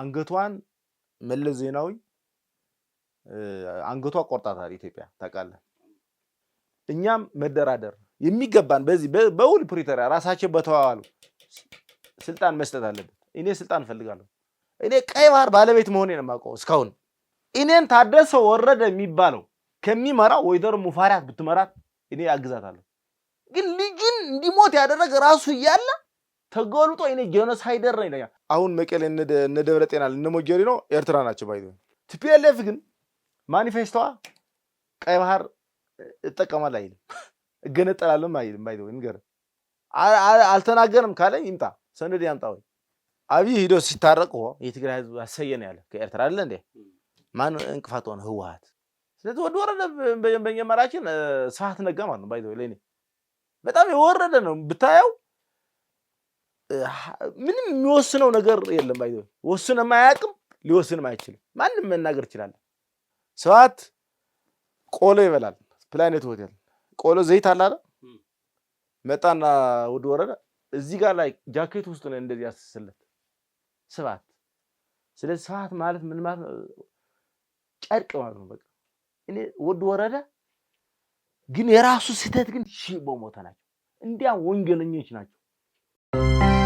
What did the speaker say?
አንገቷን መለስ ዜናዊ አንገቷ ቆርጣታል ኢትዮጵያ ታውቃለህ። እኛም መደራደር የሚገባን በዚህ በውል ፕሪቶሪያ ራሳቸው በተዋዋሉ ስልጣን መስጠት አለበት። እኔ ስልጣን እፈልጋለሁ። እኔ ቀይ ባህር ባለቤት መሆን ነው የማውቀው። እስካሁን እኔን ታደሰ ወረደ የሚባለው ከሚመራ ወይዘሮ ሙፈሪያት ብትመራት እኔ አግዛታለሁ። ግን ልጁን እንዲሞት ያደረገ ራሱ እያለ ተገልጦ እኔ ጄኖሳይደር ነው ይለኛል። አሁን መቀሌ እነ ደብረ ጤና እነ ሞጆሪ ነው ኤርትራ ናቸው ባይ ቲፒኤልኤፍ ግን ማኒፌስቶዋ ቀይ ባህር እጠቀማል አይልም፣ እገነጠላለም አይልም። ባይ ንገር አልተናገርም ካለኝ ይምጣ ሰነድ ያምጣ ወይ አብይ ሂዶ ሲታረቅ የትግራይ ህዝብ አሰየን ያለ ከኤርትራ አለ እንዴ ማን እንቅፋት ሆነ ህወሀት ስለዚህ ወደ ወረደ በእኛ መራችን ስብሐት ነጋ ማለት ነው። ባይዘው ለኔ በጣም የወረደ ነው ብታየው ምንም የሚወስነው ነገር የለም። ባይዘው ወስነም አያውቅም ሊወስንም አይችልም። ማንም መናገር ይችላል። ስብሐት ቆሎ ይበላል። ፕላኔት ሆቴል ቆሎ ዘይት አለ አይደል? መጣና ወደ ወረደ እዚህ ጋር ላይ ጃኬት ውስጥ ነው እንደዚህ ያስስለት ስብሐት። ስለዚህ ስብሐት ማለት ምን ማለት ነው? ጨርቅ ማለት ነው በቃ ወድ ወረደ ግን የራሱ ስህተት ግን ሺ በሞተ ናቸው። እንዲያ ወንጀለኞች ናቸው።